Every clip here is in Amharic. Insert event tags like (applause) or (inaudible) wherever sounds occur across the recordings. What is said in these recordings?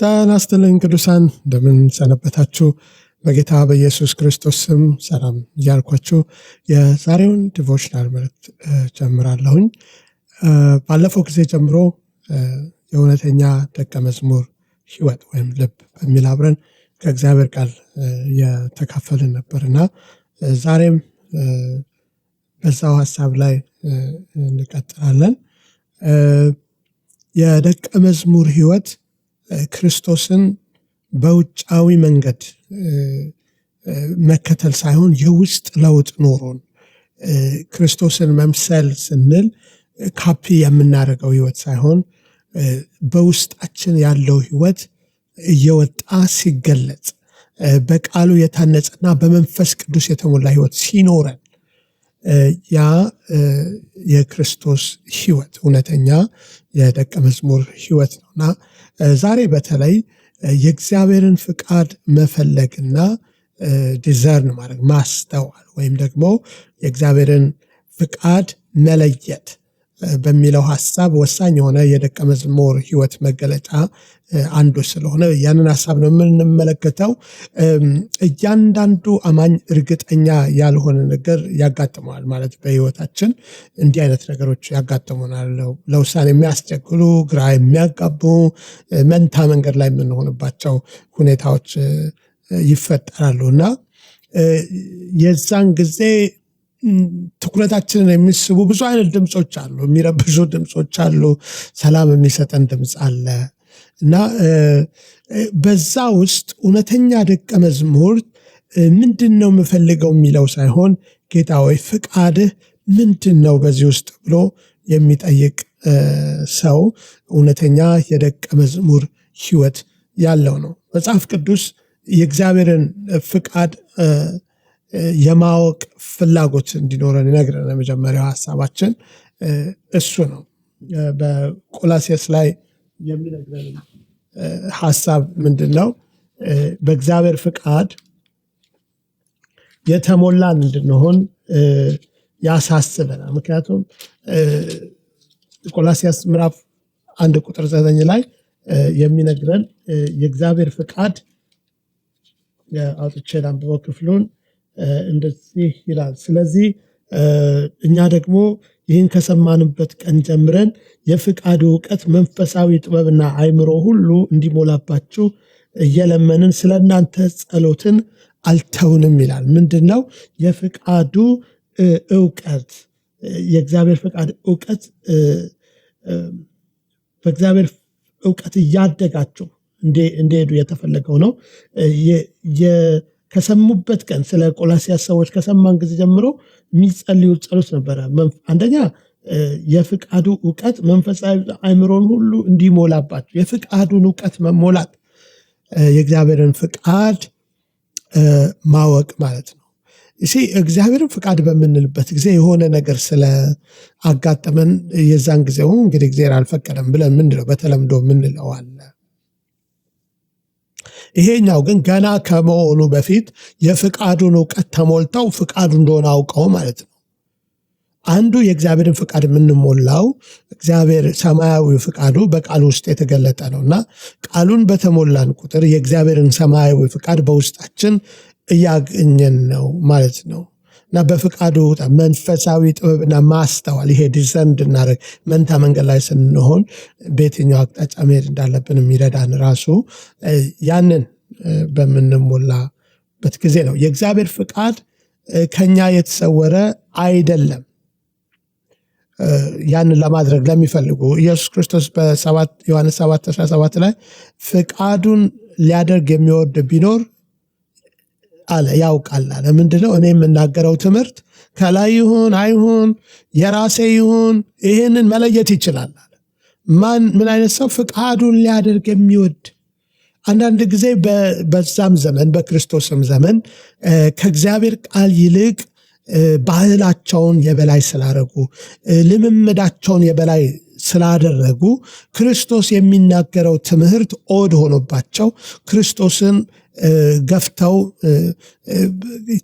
ጤና ይስጥልኝ ቅዱሳን፣ እንደምን ሰነበታችሁ? በጌታ በኢየሱስ ክርስቶስ ስም ሰላም እያልኳችሁ የዛሬውን ዲቮሽናል መልእክት ጀምራለሁኝ። ባለፈው ጊዜ ጀምሮ የእውነተኛ ደቀ መዝሙር ህይወት ወይም ልብ በሚል አብረን ከእግዚአብሔር ቃል የተካፈልን ነበር እና ዛሬም በዛው ሀሳብ ላይ እንቀጥላለን። የደቀ መዝሙር ህይወት .። ክርስቶስን በውጫዊ መንገድ መከተል ሳይሆን የውስጥ ለውጥ ኖሮን ክርስቶስን መምሰል ስንል ካፒ የምናደርገው ህይወት ሳይሆን በውስጣችን ያለው ህይወት እየወጣ ሲገለጽ በቃሉ የታነጸና በመንፈስ ቅዱስ የተሞላ ህይወት ሲኖረን ያ የክርስቶስ ህይወት እውነተኛ የደቀ መዝሙር ሕይወት ነውና ዛሬ በተለይ የእግዚአብሔርን ፍቃድ መፈለግና ዲዘርን ማድረግ ማስተዋል ወይም ደግሞ የእግዚአብሔርን ፍቃድ መለየት በሚለው ሀሳብ ወሳኝ የሆነ የደቀ መዝሙር ህይወት መገለጫ አንዱ ስለሆነ ያንን ሀሳብ ነው የምንመለከተው። እያንዳንዱ አማኝ እርግጠኛ ያልሆነ ነገር ያጋጥመዋል ማለት በህይወታችን እንዲህ አይነት ነገሮች ያጋጥሙናል። ለውሳኔ የሚያስቸግሩ፣ ግራ የሚያጋቡ፣ መንታ መንገድ ላይ የምንሆንባቸው ሁኔታዎች ይፈጠራሉ እና የዛን ጊዜ ትኩረታችንን የሚስቡ ብዙ አይነት ድምፆች አሉ። የሚረብሹ ድምፆች አሉ። ሰላም የሚሰጠን ድምፅ አለ እና በዛ ውስጥ እውነተኛ ደቀ መዝሙር ምንድን ነው የምፈልገው የሚለው ሳይሆን ጌታ ወይ ፍቃድህ ምንድን ነው በዚህ ውስጥ ብሎ የሚጠይቅ ሰው እውነተኛ የደቀ መዝሙር ህይወት ያለው ነው። መጽሐፍ ቅዱስ የእግዚአብሔርን ፍቃድ የማወቅ ፍላጎት እንዲኖረን ይነግረን። የመጀመሪያው ሀሳባችን እሱ ነው። በቆላሴስ ላይ የሚነግረን ሀሳብ ምንድን ነው? በእግዚአብሔር ፍቃድ የተሞላን እንድንሆን ያሳስበናል። ምክንያቱም ቆላሲያስ ምዕራፍ አንድ ቁጥር ዘጠኝ ላይ የሚነግረን የእግዚአብሔር ፍቃድ አውጥቼ ላንብበው ክፍሉን እንደዚህ ይላል። ስለዚህ እኛ ደግሞ ይህን ከሰማንበት ቀን ጀምረን የፍቃዱ እውቀት መንፈሳዊ ጥበብና አይምሮ ሁሉ እንዲሞላባችሁ እየለመንን ስለ እናንተ ጸሎትን አልተውንም ይላል። ምንድን ነው የፍቃዱ እውቀት? የእግዚአብሔር ፍቃድ እውቀት በእግዚአብሔር እውቀት እያደጋችሁ እንደሄዱ የተፈለገው ነው። ከሰሙበት ቀን ስለ ቆላሲያስ ሰዎች ከሰማን ጊዜ ጀምሮ የሚጸልዩ ጸሎት ነበረ። አንደኛ የፍቃዱ እውቀት መንፈሳዊ አእምሮን ሁሉ እንዲሞላባቸው የፍቃዱን እውቀት መሞላት የእግዚአብሔርን ፍቃድ ማወቅ ማለት ነው። እሺ እግዚአብሔርን ፍቃድ በምንልበት ጊዜ የሆነ ነገር ስለ አጋጠመን የዛን ጊዜው እንግዲህ እግዚአብሔር አልፈቀደም ብለን ምንድነው በተለምዶ ምንለዋለን ይሄኛው ግን ገና ከመሆኑ በፊት የፍቃዱን እውቀት ተሞልተው ፍቃዱ እንደሆነ አውቀው ማለት ነው። አንዱ የእግዚአብሔርን ፍቃድ የምንሞላው እግዚአብሔር ሰማያዊ ፍቃዱ በቃሉ ውስጥ የተገለጠ ነው እና ቃሉን በተሞላን ቁጥር የእግዚአብሔርን ሰማያዊ ፍቃድ በውስጣችን እያገኘን ነው ማለት ነው። እና በፍቃዱ መንፈሳዊ ጥበብና ማስተዋል ይሄ ዲዘንድ እናደርግ መንታ መንገድ ላይ ስንሆን በየትኛው አቅጣጫ መሄድ እንዳለብን የሚረዳን ራሱ ያንን በምንሞላበት ጊዜ ነው። የእግዚአብሔር ፍቃድ ከኛ የተሰወረ አይደለም። ያንን ለማድረግ ለሚፈልጉ ኢየሱስ ክርስቶስ በዮሐንስ 7 17 ላይ ፍቃዱን ሊያደርግ የሚወድ ቢኖር አለ ያውቃል አለ። ነው እኔ የምናገረው ትምህርት ከላይ ይሁን አይሁን የራሴ ይሁን ይህንን መለየት ይችላል አለ። ማን ምን አይነት ሰው ፍቃዱን ሊያደርግ የሚወድ አንዳንድ ጊዜ በዛም ዘመን በክርስቶስም ዘመን ከእግዚአብሔር ቃል ይልቅ ባህላቸውን የበላይ ስላረጉ ልምምዳቸውን የበላይ ስላደረጉ ክርስቶስ የሚናገረው ትምህርት ኦድ ሆኖባቸው ክርስቶስን ገፍተው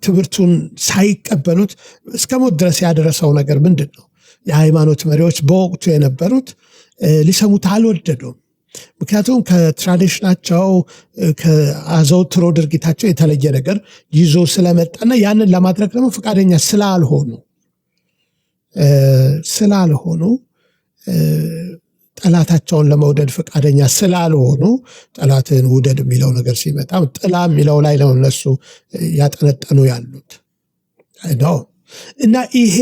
ትምህርቱን ሳይቀበሉት እስከ ሞት ድረስ ያደረሰው ነገር ምንድን ነው? የሃይማኖት መሪዎች በወቅቱ የነበሩት ሊሰሙት አልወደዱም። ምክንያቱም ከትራዲሽናቸው ከአዘውትሮ ድርጊታቸው የተለየ ነገር ይዞ ስለመጣና ያንን ለማድረግ ደግሞ ፈቃደኛ ስላልሆኑ ስላልሆኑ ጠላታቸውን ለመውደድ ፈቃደኛ ስላልሆኑ ጠላትን ውደድ የሚለው ነገር ሲመጣ ጥላ የሚለው ላይ ነው እነሱ ያጠነጠኑ ያሉት ነው። እና ይሄ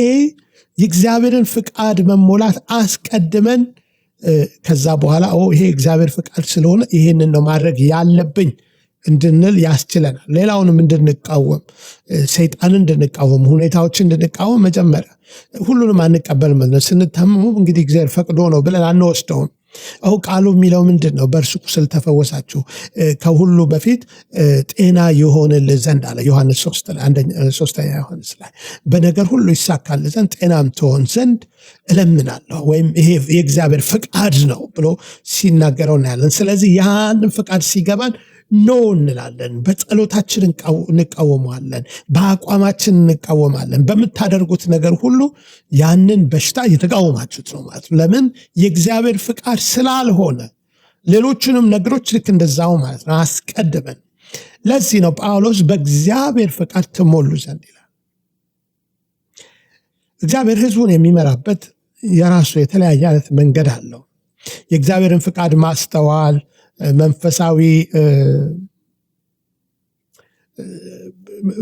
የእግዚአብሔርን ፍቃድ መሞላት አስቀድመን ከዛ በኋላ ይሄ እግዚአብሔር ፍቃድ ስለሆነ ይሄንን ነው ማድረግ ያለብኝ እንድንል ያስችለናል። ሌላውንም እንድንቃወም፣ ሰይጣንን እንድንቃወም፣ ሁኔታዎችን እንድንቃወም መጀመሪያ ሁሉንም አንቀበል ነው። ስንታመሙ እንግዲህ እግዚአብሔር ፈቅዶ ነው ብለን አንወስደውም። አሁ ቃሉ የሚለው ምንድን ነው? በእርሱ ቁስል ተፈወሳችሁ ከሁሉ በፊት ጤና የሆንል ዘንድ አለ ዮሐንስ ሶስተኛ ዮሐንስ ላይ በነገር ሁሉ ይሳካል ዘንድ ጤናም ትሆን ዘንድ እለምናለሁ ወይም ይሄ የእግዚአብሔር ፍቃድ ነው ብሎ ሲናገረው እናያለን። ስለዚህ ያንን ፍቃድ ሲገባን ኖ እንላለን። በጸሎታችን እንቃወመዋለን፣ በአቋማችን እንቃወማለን። በምታደርጉት ነገር ሁሉ ያንን በሽታ የተቃወማችሁት ነው ማለት ነው። ለምን? የእግዚአብሔር ፍቃድ ስላልሆነ ሌሎቹንም ነገሮች ልክ እንደዛው ማለት ነው አስቀድመን። ለዚህ ነው ጳውሎስ በእግዚአብሔር ፍቃድ ትሞሉ ዘንድ ይላል። እግዚአብሔር ሕዝቡን የሚመራበት የራሱ የተለያየ አይነት መንገድ አለው። የእግዚአብሔርን ፍቃድ ማስተዋል መንፈሳዊ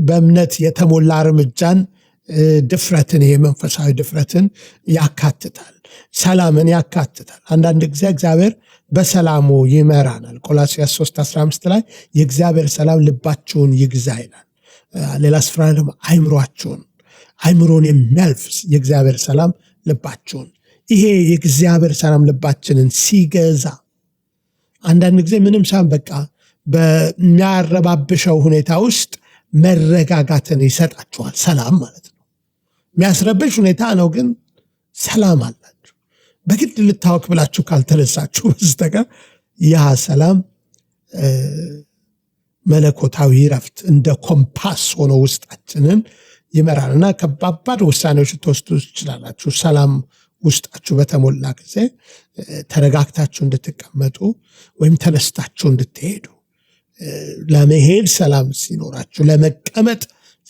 በእምነት የተሞላ እርምጃን ድፍረትን ይሄ መንፈሳዊ ድፍረትን ያካትታል። ሰላምን ያካትታል። አንዳንድ ጊዜ እግዚአብሔር በሰላሙ ይመራናል። ቆላሲያስ 3 15 ላይ የእግዚአብሔር ሰላም ልባችሁን ይግዛ ይላል። ሌላ ስፍራ ደግሞ አይምሯችሁን አይምሮን የሚያልፍ የእግዚአብሔር ሰላም ልባችሁን ይሄ የእግዚአብሔር ሰላም ልባችንን ሲገዛ አንዳንድ ጊዜ ምንም ሳን በቃ በሚያረባብሸው ሁኔታ ውስጥ መረጋጋትን ይሰጣችኋል። ሰላም ማለት ነው። የሚያስረብሽ ሁኔታ ነው፣ ግን ሰላም አላችሁ። በግድ ልታወቅ ብላችሁ ካልተነሳችሁ በስተቀር ያ ሰላም መለኮታዊ ረፍት እንደ ኮምፓስ ሆኖ ውስጣችንን ይመራል እና ከባባድ ውሳኔዎች ትወስዱ ትችላላችሁ ሰላም ውስጣችሁ በተሞላ ጊዜ ተረጋግታችሁ እንድትቀመጡ ወይም ተነስታችሁ እንድትሄዱ ለመሄድ ሰላም ሲኖራችሁ፣ ለመቀመጥ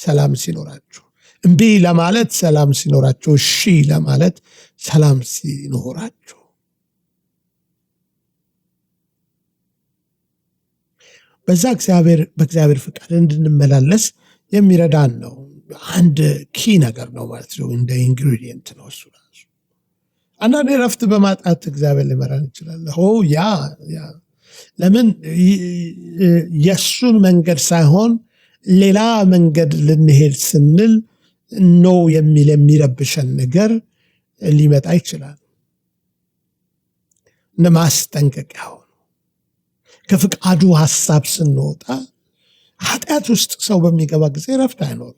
ሰላም ሲኖራችሁ፣ እምቢ ለማለት ሰላም ሲኖራችሁ፣ እሺ ለማለት ሰላም ሲኖራችሁ በዛ እግዚአብሔር በእግዚአብሔር ፍቃድ እንድንመላለስ የሚረዳን ነው። አንድ ኪ ነገር ነው ማለት ነው። እንደ ኢንግሪዲየንት ነው እሱ አንዳንድ እረፍት በማጣት እግዚአብሔር ሊመራን ይችላል። ያ ለምን የእሱን መንገድ ሳይሆን ሌላ መንገድ ልንሄድ ስንል ኖ የሚል የሚረብሸን ነገር ሊመጣ ይችላል። እንደ ማስጠንቀቂያ ከፍቃዱ ሀሳብ ስንወጣ ኃጢአት ውስጥ ሰው በሚገባ ጊዜ ረፍት አይኖሩ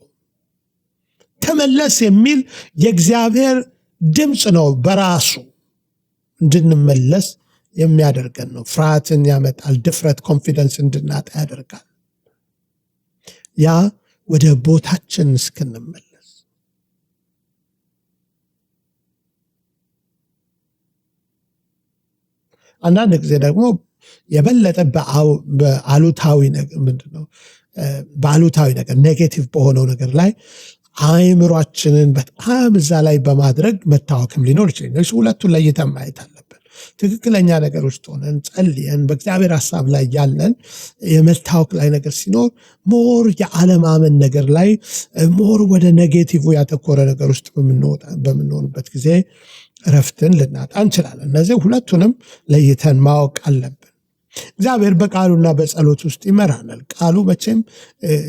ተመለስ የሚል የእግዚአብሔር ድምፅ ነው በራሱ እንድንመለስ የሚያደርገን ነው። ፍርሃትን ያመጣል። ድፍረት፣ ኮንፊደንስ እንድናጣ ያደርጋል። ያ ወደ ቦታችን እስክንመለስ አንዳንድ ጊዜ ደግሞ የበለጠ በአሉታዊ ምንድን ነው በአሉታዊ ነገር ኔጌቲቭ በሆነው ነገር ላይ አይምሯችንን በጣም እዛ ላይ በማድረግ መታወክም ሊኖር ይችላል። ሁለቱን ለይተን ማየት አለብን። ትክክለኛ ነገሮች ሆነን ጸልየን በእግዚአብሔር ሀሳብ ላይ ያለን የመታወክ ላይ ነገር ሲኖር ሞር የአለማመን ነገር ላይ ሞር ወደ ኔጌቲቭ ያተኮረ ነገር ውስጥ በምንሆንበት ጊዜ እረፍትን ልናጣ እንችላለን። እነዚህ ሁለቱንም ለይተን ማወቅ አለብን። እግዚአብሔር በቃሉና በጸሎት ውስጥ ይመራናል። ቃሉ መቼም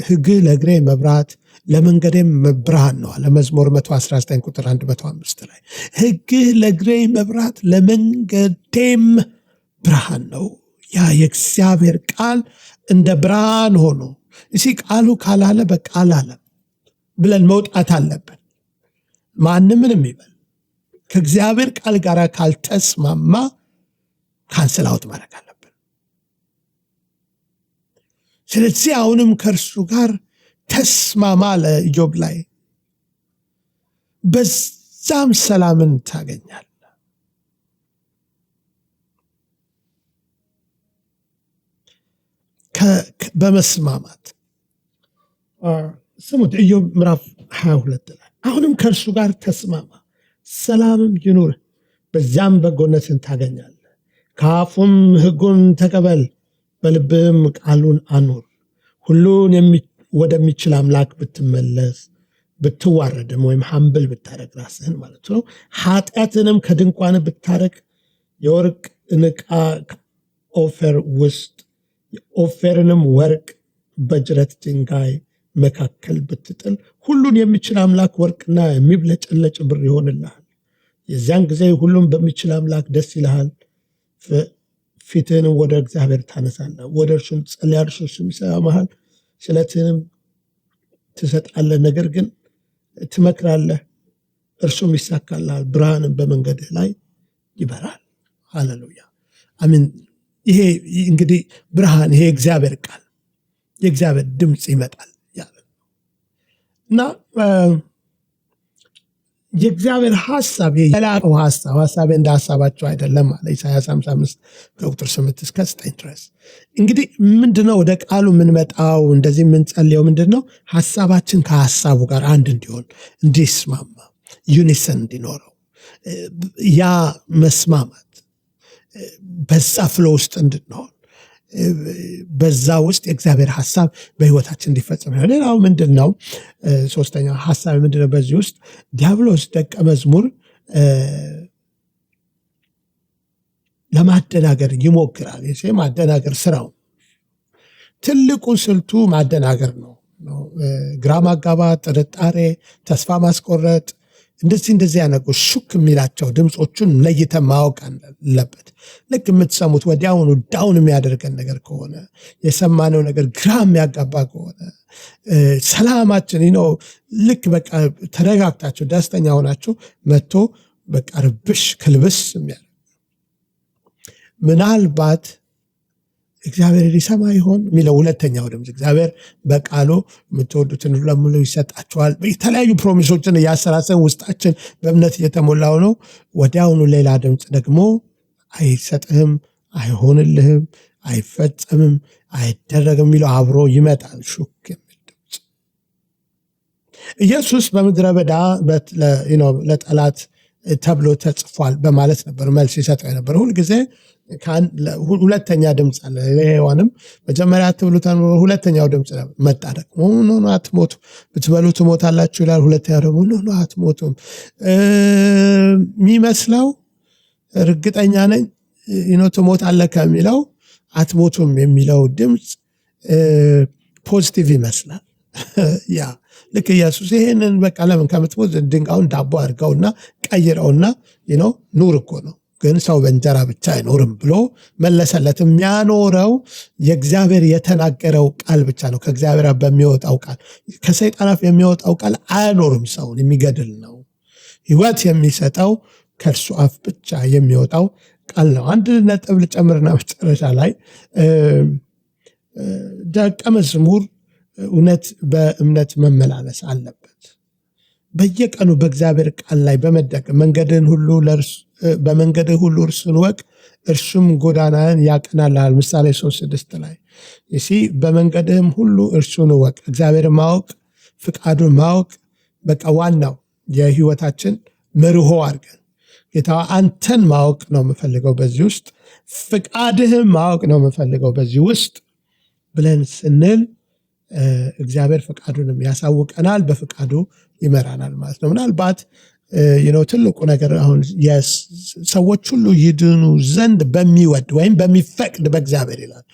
ሕግ ለእግሬ መብራት ለመንገዴም ብርሃን ነው ለመዝሙር 119 ቁጥር 105 ላይ ህግህ ለእግሬ መብራት ለመንገዴም ብርሃን ነው ያ የእግዚአብሔር ቃል እንደ ብርሃን ሆኖ እሲ ቃሉ ካላለ በቃል አለ ብለን መውጣት አለብን ማንም ምንም ይበል ከእግዚአብሔር ቃል ጋር ካልተስማማ ካንስላውት ማድረግ አለብን ስለዚህ አሁንም ከእርሱ ጋር ተስማማ አለ ላይ። በዛም ሰላምን ታገኛል። በመስማማት ስሙት። ኢዮብ ምዕራፍ 22 ላይ አሁንም ከእርሱ ጋር ተስማማ፣ ሰላምም ይኑር በዚያም በጎነትን ታገኛለ። ከአፉም ህጉን ተቀበል፣ በልብም ቃሉን አኑር። ሁሉን የሚ ወደሚችል አምላክ ብትመለስ ብትዋረድም ወይም ሀምብል ብታረግ ራስህን ማለት ነው። ኃጢአትንም ከድንኳን ብታረቅ የወርቅ ንቃ ኦፌር ውስጥ ኦፌርንም ወርቅ በጅረት ድንጋይ መካከል ብትጥል ሁሉን የሚችል አምላክ ወርቅና የሚብለጨለጭ ብር ይሆንልሃል። የዚያን ጊዜ ሁሉም በሚችል አምላክ ደስ ይልሃል። ፊትህንም ወደ እግዚአብሔር ታነሳለህ፣ ወደ እርሱም ጸልያ እርሱ ስም ይሰማሃል። ስለትንም ትሰጣለህ፣ ነገር ግን ትመክራለህ፣ እርሱም ይሳካልሃል፣ ብርሃንም በመንገድህ ላይ ይበራል። ሃሌሉያ አሚን። ይሄ እንግዲህ ብርሃን ይሄ እግዚአብሔር ቃል የእግዚአብሔር ድምፅ ይመጣል ያለ እና የእግዚአብሔር ሀሳብ የላቀው ሀሳብ ሀሳቤ እንደ ሀሳባቸው አይደለም አለ ኢሳያስ 55 ከቁጥር 8 እስከ 9 ድረስ። እንግዲህ ምንድነው ወደ ቃሉ የምንመጣው? እንደዚህ የምንጸልየው ምንድን ነው? ሀሳባችን ከሀሳቡ ጋር አንድ እንዲሆን፣ እንዲስማማ፣ ዩኒሰን እንዲኖረው ያ መስማማት በዛ ፍሎ ውስጥ እንድንሆን በዛ ውስጥ የእግዚአብሔር ሀሳብ በህይወታችን እንዲፈጸም ሆ ሌላው ምንድን ነው? ሶስተኛው ሀሳብ ምንድን ነው? በዚህ ውስጥ ዲያብሎስ ደቀ መዝሙር ለማደናገር ይሞክራል። ማደናገር ስራው ትልቁ ስልቱ ማደናገር ነው። ግራ ማጋባት፣ ጥርጣሬ፣ ተስፋ ማስቆረጥ እንደዚህ እንደዚህ ያነቁ ሹክ የሚላቸው ድምፆቹን ለይተ ማወቅ አለበት። ልክ የምትሰሙት ወዲያውኑ ዳውን የሚያደርገን ነገር ከሆነ የሰማነው ነገር ግራ የሚያጋባ ከሆነ ሰላማችን ነው። ልክ በቃ ተረጋግታችሁ ደስተኛ ሆናችሁ መጥቶ በቃ ርብሽ ክልብስ የሚያደርግ ምናልባት እግዚአብሔር ሊሰማ ይሆን የሚለው ሁለተኛው ድምፅ። እግዚአብሔር በቃሉ የምትወዱትን ለሙሉ ይሰጣቸዋል። የተለያዩ ፕሮሚሶችን እያሰራሰን ውስጣችን በእምነት እየተሞላው ነው። ወዲያውኑ ሌላ ድምፅ ደግሞ አይሰጥህም፣ አይሆንልህም፣ አይፈጸምም፣ አይደረግም የሚለው አብሮ ይመጣል። ሹክ የሚል ድምፅ። ኢየሱስ በምድረ በዳ ለጠላት ተብሎ ተጽፏል በማለት ነበር መልስ ይሰጠው የነበረ ሁልጊዜ ሁለተኛ ድምፅ አለ። ለሔዋንም መጀመሪያ አትብሉታን ሁለተኛው ድምፅ መጣ ደግሞ ኖ አትሞቱ፣ ብትበሉ ትሞታላችሁ ይላል። ሁለተኛው ደግሞ ኖ አትሞቱም የሚመስለው እርግጠኛ ነኝ ይኖ ትሞት አለ ከሚለው አትሞቱም የሚለው ድምፅ ፖዚቲቭ ይመስላል። (laughs) ያ ልክ ኢየሱስ ይሄንን በቃ ለምን ከምትሞት ድንጋዩን ዳቦ አድርገውና ቀይረውና ኖ ኑር እኮ ነው ግን ሰው በእንጀራ ብቻ አይኖርም ብሎ መለሰለት። የሚያኖረው የእግዚአብሔር የተናገረው ቃል ብቻ ነው። ከእግዚአብሔር በሚወጣው ቃል፣ ከሰይጣን አፍ የሚወጣው ቃል አያኖርም፣ ሰውን የሚገድል ነው። ሕይወት የሚሰጠው ከእርሱ አፍ ብቻ የሚወጣው ቃል ነው። አንድ ነጥብ ልጨምርና መጨረሻ ላይ ደቀ መዝሙር እውነት በእምነት መመላለስ አለበት። በየቀኑ በእግዚአብሔር ቃል ላይ በመደገፍ መንገድን ሁሉ ለእርሱ በመንገድህ ሁሉ እርሱን ወቅ፣ እርሱም ጎዳናህን ያቀናልሃል። ምሳሌ ሶስት ስድስት ላይ ይሲ በመንገድህም ሁሉ እርሱን ወቅ። እግዚአብሔር ማወቅ ፍቃዱን ማወቅ በቃ ዋናው የህይወታችን መርሆ አድርገን ጌታ አንተን ማወቅ ነው የምፈልገው በዚህ ውስጥ ፍቃድህም ማወቅ ነው የምፈልገው በዚህ ውስጥ ብለን ስንል እግዚአብሔር ፍቃዱንም ያሳውቀናል፣ በፍቃዱ ይመራናል ማለት ነው። ምናልባት ነው ትልቁ ነገር አሁን ሰዎች ሁሉ ይድኑ ዘንድ በሚወድ ወይም በሚፈቅድ በእግዚአብሔር ይላል።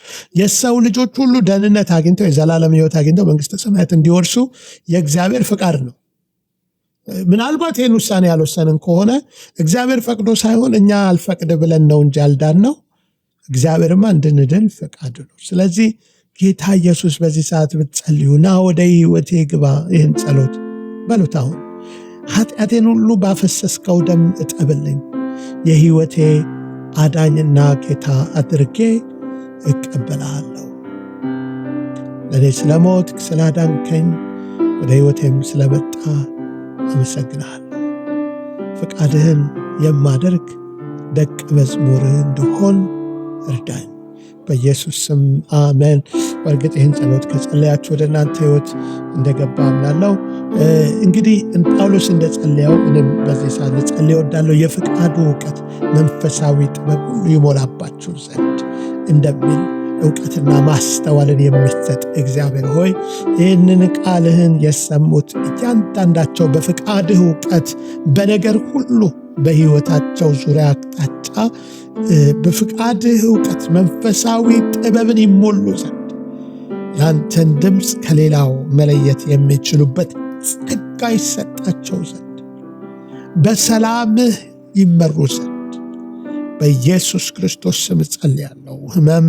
የሰው ልጆች ሁሉ ደህንነት አግኝተው የዘላለም ህይወት አግኝተው መንግስተ ሰማያት እንዲወርሱ የእግዚአብሔር ፍቃድ ነው። ምናልባት ይህን ውሳኔ ያልወሰንን ከሆነ እግዚአብሔር ፈቅዶ ሳይሆን እኛ አልፈቅድ ብለን ነው እንጂ አልዳን ነው እግዚአብሔርማ እንድንድን ፈቃድ ነው። ስለዚህ ጌታ ኢየሱስ በዚህ ሰዓት ብትጸልዩ ና ወደ ህይወቴ ግባ ይህን ጸሎት በሉት አሁን ኃጢአቴን ሁሉ ባፈሰስከው ደም እጠብልኝ፣ የሕይወቴ አዳኝና ጌታ አድርጌ እቀበልሃለሁ። ለእኔ ስለ ሞት ስላዳንከኝ፣ ወደ ሕይወቴም ስለመጣ አመሰግንሃለሁ። ፈቃድህን የማደርግ ደቀ መዝሙርህ እንድሆን እርዳኝ። በኢየሱስ ስም አሜን። በእርግጥ ይህን ጸሎት ከጸለያችሁ ወደ እናንተ ሕይወት እንደገባ አምናለሁ። እንግዲህ ጳውሎስ እንደጸለየው እኔም በዚህ ሰዓት ልጸልይ እወዳለሁ። የፍቃዱ እውቀት መንፈሳዊ ጥበብ ሁሉ ይሞላባችሁ ዘንድ እንደሚል እውቀትና ማስተዋልን የሚሰጥ እግዚአብሔር ሆይ ይህንን ቃልህን የሰሙት እያንዳንዳቸው በፍቃድህ እውቀት በነገር ሁሉ በሕይወታቸው ዙሪያ አቅጣጫ በፍቃድህ እውቀት መንፈሳዊ ጥበብን ይሞሉ ዘንድ ያንተን ድምፅ ከሌላው መለየት የሚችሉበት ጸጋ ይሰጣቸው ዘንድ በሰላምህ ይመሩ ዘንድ በኢየሱስ ክርስቶስ ስም ጸልያለሁ። ህመም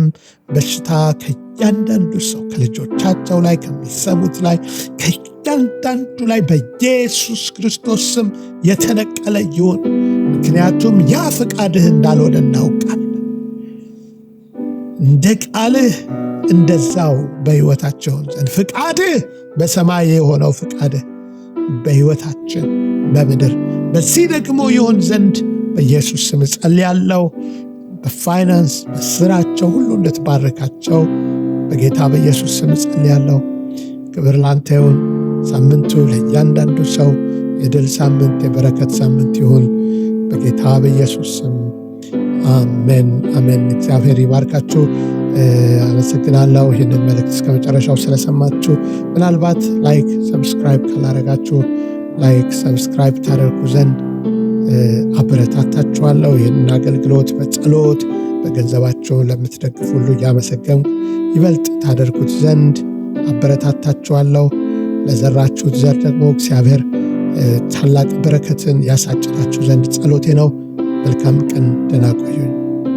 በሽታ ከእያንዳንዱ ሰው ከልጆቻቸው ላይ ከሚሰሙት ላይ ከእያንዳንዱ ላይ በኢየሱስ ክርስቶስ ስም የተነቀለ ይሁን። ምክንያቱም ያ ፈቃድህ እንዳልሆነ እናውቃለን። እንደ ቃልህ እንደዛው በሕይወታቸው ዘንድ ፍቃድህ በሰማይ የሆነው ፍቃድህ በሕይወታችን በምድር በዚህ ደግሞ የሆን ዘንድ በኢየሱስ ስም ጸልያለሁ። በፋይናንስ በስራቸው ሁሉ እንድትባርካቸው በጌታ በኢየሱስ ስም ጸልያለሁ። ክብር ላንተ ይሁን። ሳምንቱ ለእያንዳንዱ ሰው የድል ሳምንት፣ የበረከት ሳምንት ይሁን በጌታ በኢየሱስ ስም አሜን አሜን። እግዚአብሔር ይባርካችሁ። አመሰግናለሁ። ይህንን መልእክት እስከ መጨረሻው ስለሰማችሁ ምናልባት ላይክ ሰብስክራይብ ካላረጋችሁ ላይክ ሰብስክራይብ ታደርጉ ዘንድ አበረታታችኋለሁ። ይህንን አገልግሎት በጸሎት በገንዘባቸው ለምትደግፉ ሁሉ እያመሰገንኩ ይበልጥ ታደርጉት ዘንድ አበረታታችኋለሁ። ለዘራችሁት ዘር ደግሞ እግዚአብሔር ታላቅ በረከትን ያሳጭታችሁ ዘንድ ጸሎቴ ነው። መልካም ቀን፣ ደህና ቆዩኝ።